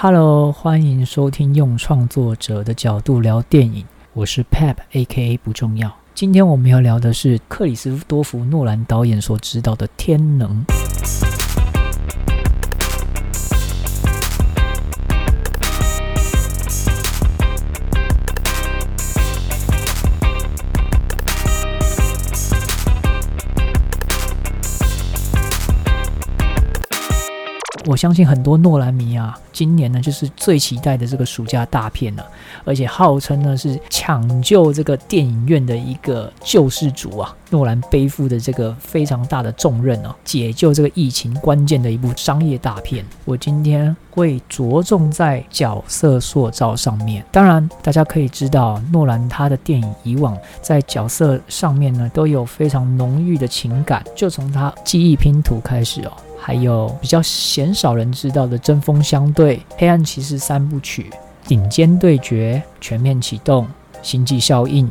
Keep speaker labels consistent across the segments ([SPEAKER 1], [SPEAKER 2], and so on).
[SPEAKER 1] Hello，歡迎收聽用創作者的角度聊電影，我是 Pep，A.K.A 不重要。今天我們要聊的是克里斯多夫諾蘭導演所指導的《天能》。我相信很多諾蘭迷啊，今年呢就是最期待的這個暑假大片了，而且號稱呢是搶救這個電影院的一個救世主啊，諾蘭背負的這個非常大的重任哦，解救這個疫情關鍵的一部商業大片。我今天會着重在角色塑造上面，當然大家可以知道，諾蘭他的電影以往在角色上面呢都有非常濃郁的情感，就從他《記憶拼圖》開始哦。還有比較鮮少人知道的《針鋒相對》、《黑暗騎士三部曲》、《頂尖對決》、《全面啟動》、《星際效應》。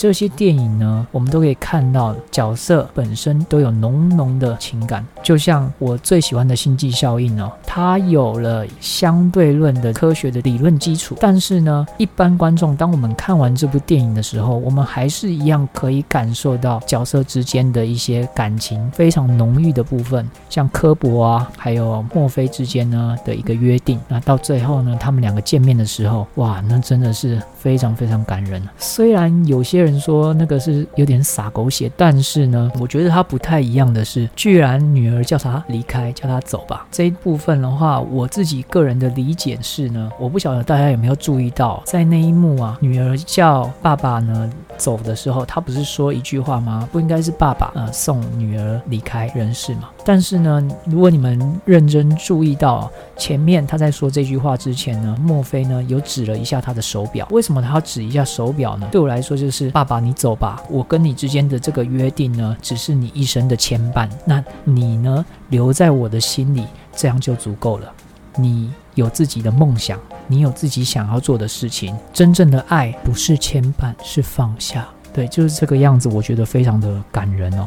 [SPEAKER 1] 這些電影呢，我們都可以看到角色本身都有濃濃的情感。就像我最喜歡的《星際效應》呢、哦，它有了相對論的科學的理論基礎，但是呢，一般觀眾當我們看完這部電影的時候，我們還是一樣可以感受到角色之間的一些感情非常濃郁的部分，像科博啊，還有墨菲之間呢的一個約定。那到最後呢，他們兩個見面的時候，哇，那真的是。非常非常感人，雖然有些人說那個是有點灑狗血，但是呢，我覺得它不太一樣的是，居然女兒叫他離開，叫他走吧這一部分的話，我自己個人的理解是呢，我不曉得大家有沒有注意到，在那一幕啊，女兒叫爸爸呢走的時候，他不是說一句話嗎？不應該是爸爸呃送女兒離開人世嗎？但是呢，如果你們認真注意到前面他在說這句話之前呢，墨菲呢有指了一下他的手錶。為什麼他要指一下手錶呢？對我來說，就是爸爸，你走吧，我跟你之間的這個約定呢，只是你一生的牽絆。那你呢，留在我的心裡，這樣就足夠了。你有自己的夢想，你有自己想要做的事情。真正的愛不是牽絆，是放下。對，就是這個樣子，我覺得非常的感人哦。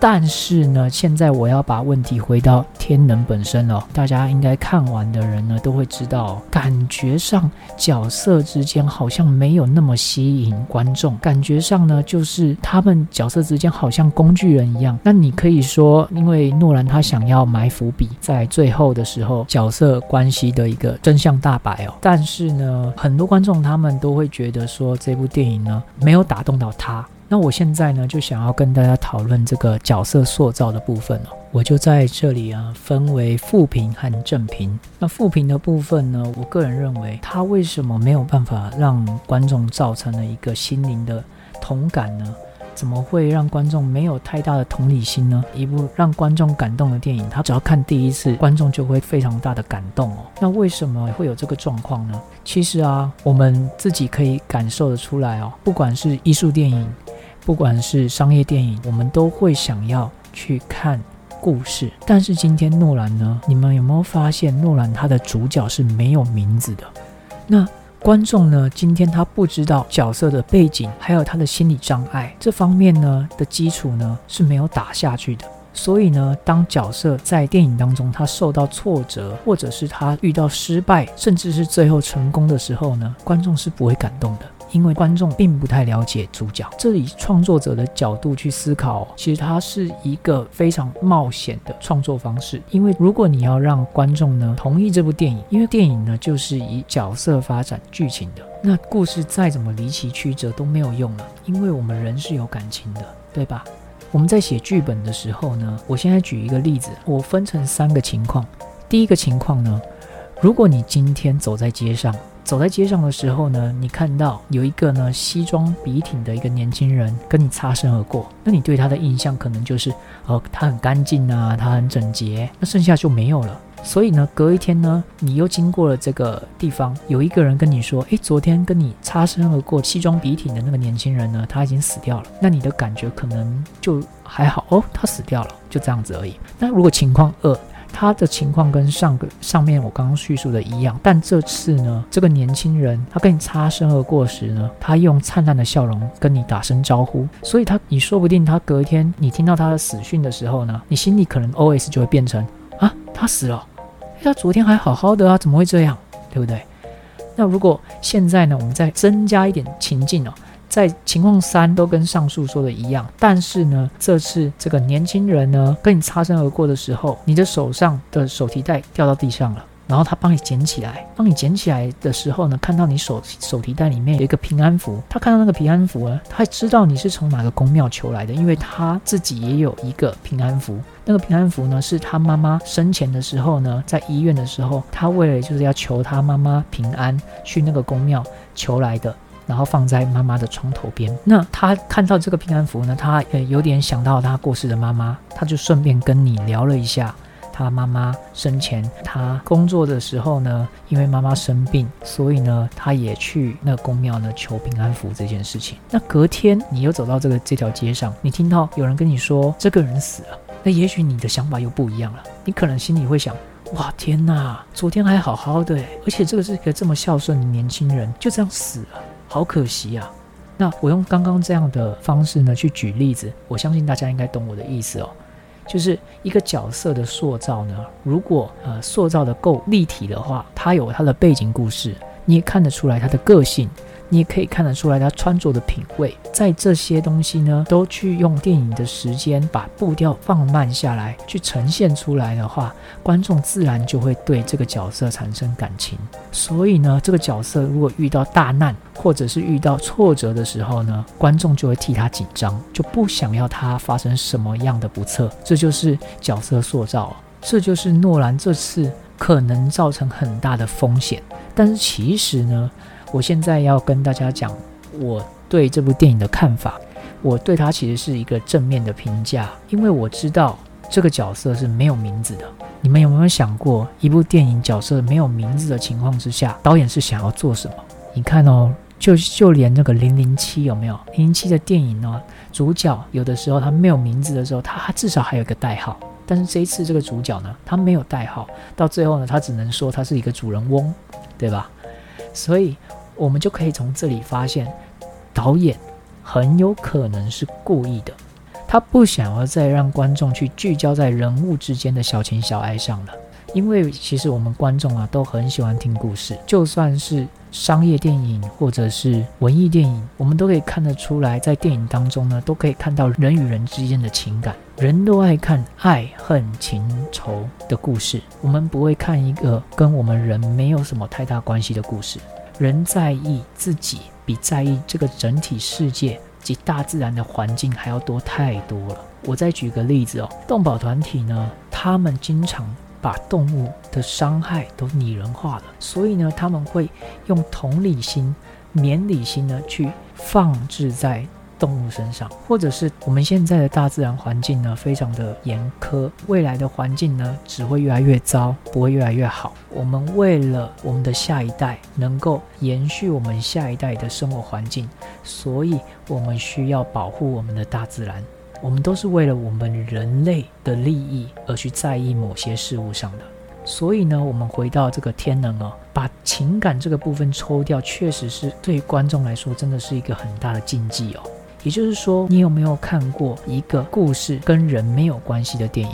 [SPEAKER 1] 但是呢，現在我要把問題回到天能本身了哦。大家應該看完的人呢，都會知道哦，感覺上角色之間好像沒有那麼吸引觀眾。感覺上呢，就是他們角色之間好像工具人一樣。那你可以說，因為諾蘭他想要埋伏筆，在最後的時候角色關係的一個真相大白哦。但是呢，很多觀眾他們都會覺得說，這部電影呢，沒有打動到他。那我現在呢，就想要跟大家討論這個角色塑造的部分了哦。我就在這裡啊，分為負評和正評。那負評的部分呢，我個人認為，它為什麼沒有辦法讓觀眾造成了一個心靈的同感呢？怎麼會讓觀眾沒有太大的同理心呢？一部讓觀眾感動的電影，他只要看第一次，觀眾就會非常大的感動哦。那為什麼會有這個狀況呢？其實啊，我們自己可以感受得出來哦，不管是藝術電影。不管是商業電影，我們都會想要去看故事。但是今天諾蘭呢？你們有沒有發現諾蘭他的主角是沒有名字的？那觀眾呢？今天他不知道角色的背景，還有他的心理障礙這方面呢的基礎呢是沒有打下去的。所以呢，當角色在電影當中他受到挫折，或者是他遇到失敗，甚至是最後成功的時候呢，觀眾是不會感動的。因為觀眾並不太了解主角，這以創作者的角度去思考，其實它是一個非常冒險的創作方式。因為如果你要讓觀眾呢同意這部電影，因為電影呢就是以角色發展劇情的，那故事再怎麼離奇曲折都沒有用了，因為我們人是有感情的，對吧？我們在寫劇本的時候呢，我現在舉一個例子，我分成三個情況。第一個情況呢，如果你今天走在街上。走在街上的時候呢，你看到有一個呢西裝筆挺的一個年輕人跟你擦身而過，那你對他的印象可能就是，哦、呃，他很乾淨啊，他很整潔，那剩下就沒有了。所以呢，隔一天呢，你又經過了這個地方，有一個人跟你說，誒，昨天跟你擦身而過，西裝筆挺的那個年輕人呢，他已經死掉了。那你的感覺可能就還好哦，他死掉了，就這樣子而已。那如果情況二。他的情況跟上個上面我剛剛敘述的一樣，但這次呢，這個年輕人他跟你擦身而過時呢，他用燦爛的笑容跟你打聲招呼，所以他你說不定他隔天你聽到他的死訊的時候呢，你心裡可能 OS 就會變成啊，他死了，他昨天還好好的啊，怎麼會這樣，對不對？那如果現在呢，我們再增加一點情境哦。在情況三都跟上述說的一樣，但是呢，這次這個年輕人呢跟你擦身而過的時候，你的手上的手提袋掉到地上了，然後他幫你撿起來。幫你撿起來的時候呢，看到你手手提袋裡面有一個平安符，他看到那個平安符呢，他知道你是從哪個宮廟求來的，因為他自己也有一個平安符，那個平安符呢是他媽媽生前的時候呢，在醫院的時候，他為了就是要求他媽媽平安，去那個宮廟求來的。然後放在媽媽的床頭邊。那他看到這個平安符呢，他也有點想到他過世的媽媽，他就順便跟你聊了一下他媽媽生前，他工作的時候呢，因為媽媽生病，所以呢，他也去那宮廟呢求平安符這件事情。那隔天你又走到這個這條街上，你聽到有人跟你說這個人死了，那也許你的想法又不一樣了。你可能心裡會想：哇，天哪，昨天還好好的、欸，而且這個是一個這麼孝順的年輕人，就這樣死了。好可惜啊！那我用剛剛這樣的方式呢，去舉例子，我相信大家應該懂我的意思哦。就是一個角色的塑造呢，如果呃塑造得夠立體的話，他有他的背景故事，你也看得出來他的個性。你也可以看得出來，他穿着的品味。在這些東西呢，都去用電影的時間把步調放慢下來，去呈現出來的話，觀眾自然就會對這個角色產生感情。所以呢，這個角色如果遇到大難，或者是遇到挫折的時候呢，觀眾就會替他緊張，就不想要他發生什麼樣的不測。這就是角色塑造哦，這就是諾蘭這次可能造成很大的風險，但是其實呢。我現在要跟大家講我對這部電影的看法。我對它其實是一個正面的評價，因為我知道這個角色是沒有名字的。你們有沒有想過，一部電影角色沒有名字的情況之下，導演是想要做什麼？你看哦，就就連那個零零七有沒有零零七的電影呢？主角有的時候他沒有名字的時候，他他至少還有一個代號。但是這一次這個主角呢，他沒有代號，到最後呢，他只能說他是一個主人翁，對吧？所以。我們就可以從這裡發現，導演很有可能是故意的，他不想要再讓觀眾去聚焦在人物之間的小情小愛上了，因為其實我們觀眾啊都很喜歡聽故事，就算是商業電影或者是文藝電影，我們都可以看得出來，在電影當中呢都可以看到人與人之間的情感，人都愛看愛恨情仇的故事，我們不會看一個跟我們人沒有什麼太大關係的故事。人在意自己，比在意這個整體世界及大自然的環境還要多太多了。我再舉個例子哦，動保團體呢，他們經常把動物的傷害都擬人化了，所以呢，他們會用同理心、憐憫心呢去放置在，動物身上，或者是我們現在的大自然環境呢，非常的嚴苛。未來的環境呢，只會越來越糟，不會越來越好。我們為了我們的下一代能夠延續我們下一代的生活環境，所以我們需要保護我們的大自然。我們都是為了我們人類的利益而去在意某些事物上的。所以呢，我們回到這個天能哦，把情感這個部分抽掉，確實是對於觀眾來說真的是一個很大的禁忌哦。也就是說，你有沒有看過一個故事跟人沒有關係的電影？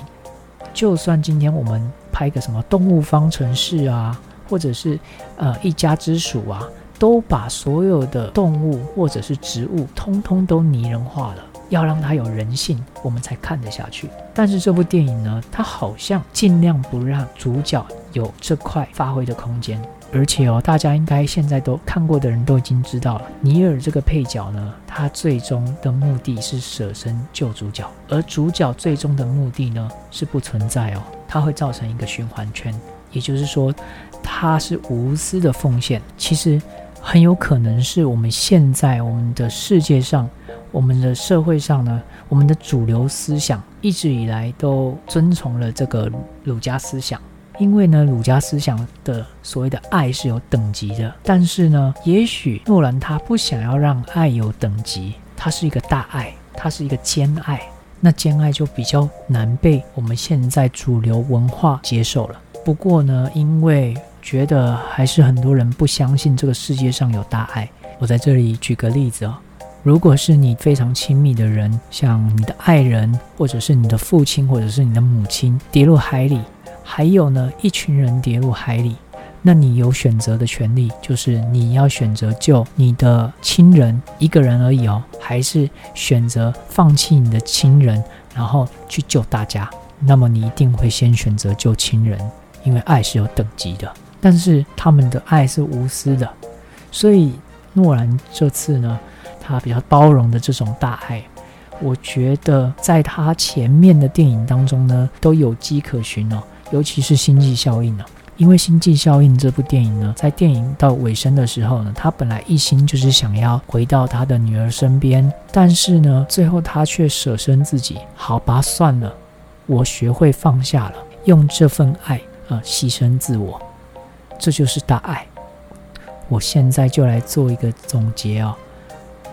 [SPEAKER 1] 就算今天我們拍個什麼《動物方程式》啊，或者是呃《一家之鼠》啊，都把所有的動物或者是植物通通都擬人化了，要讓它有人性，我們才看得下去。但是這部電影呢，它好像儘量不讓主角有這塊發揮的空間。而且哦，大家應該現在都看過的人都已經知道了，尼爾這個配角呢，他最終的目的，是捨身救主角；而主角最終的目的呢，是不存在哦，它會造成一個循環圈。也就是說，他是無私的奉獻。其實，很有可能是我們現在我們的世界上，我們的社會上呢，我們的主流思想，一直以來都遵從了這個儒家思想。因為呢，儒家思想的所謂的愛是有等級的，但是呢，也許諾蘭他不想要讓愛有等級，他是一個大愛，他是一個兼愛。那兼愛就比較難被我們現在主流文化接受了。不過呢，因為覺得還是很多人不相信這個世界上有大愛。我在這裡舉個例子啊、哦，如果是你非常親密的人，像你的愛人，或者是你的父親，或者是你的母親跌入海裡。還有呢，一群人跌入海裡，那你有選擇的權利，就是你要選擇救你的親人一個人而已哦，還是選擇放棄你的親人，然後去救大家。那麼你一定會先選擇救親人，因為愛是有等級的。但是他們的愛是無私的，所以諾蘭這次呢，他比較包容的這種大愛，我覺得在他前面的電影當中呢，都有跡可循哦。尤其是星際效應呢、啊，因為《星際效應》這部電影呢，在電影到尾聲的時候呢，他本來一心就是想要回到他的女兒身邊，但是呢，最後他卻舍身自己。好吧，算了，我學會放下了，用這份愛啊、呃，犧牲自我，這就是大愛。我現在就來做一個總結啊、哦，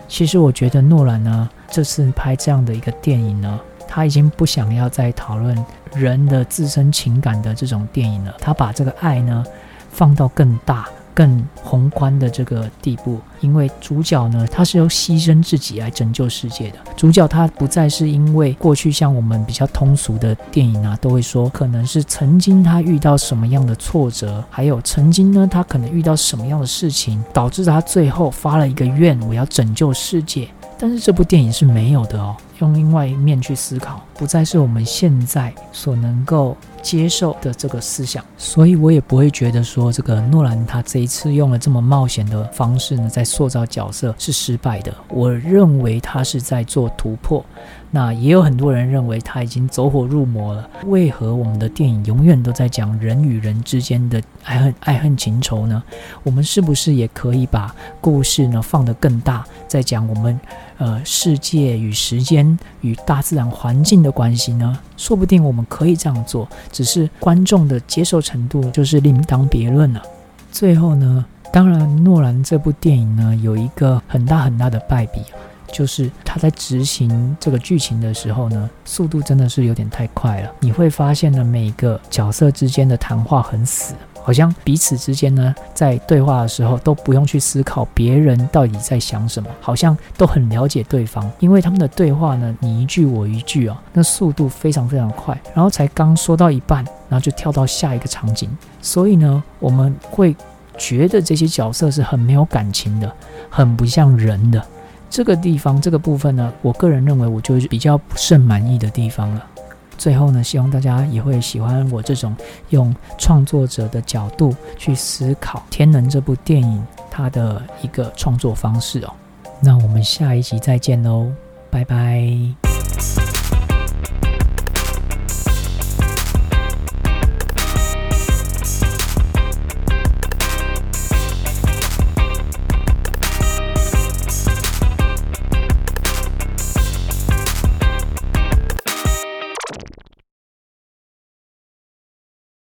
[SPEAKER 1] 其實我覺得諾蘭呢，這次拍這樣的一個電影呢。他已經不想要再討論人的自身情感的這種電影了。他把這個愛呢放到更大、更宏觀的這個地步，因為主角呢，他是要犧牲自己來拯救世界的。主角他不再是因為過去像我們比較通俗的電影啊，都會說可能是曾經他遇到什麼樣的挫折，還有曾經呢他可能遇到什麼樣的事情，導致他最後發了一個願，我要拯救世界。但是這部電影是沒有的哦。用另外一面去思考。不再是我們現在所能夠接受的這個思想，所以我也不會覺得說這個諾蘭他這一次用了這麼冒險的方式呢，在塑造角色是失敗的。我認為他是在做突破。那也有很多人認為他已經走火入魔了。為何我們的電影永遠都在講人與人之間的愛恨愛恨情仇呢？我們是不是也可以把故事呢放得更大，再講我們呃世界與時間與大自然環境的？關係呢，說不定我們可以這樣做，只是觀眾的接受程度就是另當別論了。最後呢，當然諾蘭這部電影呢有一個很大很大的敗筆，就是他在執行這個劇情的時候呢，速度真的是有點太快了。你會發現呢，每一個角色之間的談話很死。好像彼此之間呢，在對話的時候都不用去思考別人到底在想什麼，好像都很了解對方。因為他們的對話呢，你一句我一句啊、哦，那速度非常非常快，然後才剛說到一半，然後就跳到下一個場景。所以呢，我們會覺得這些角色是很沒有感情的，很不像人的。這個地方這個部分呢，我個人認為，我就是比較不甚滿意的地方了。最後呢，希望大家也會喜歡我這種用創作者的角度去思考《天能》這部電影它的一個創作方式哦。那我們下一集再見嘍，拜拜。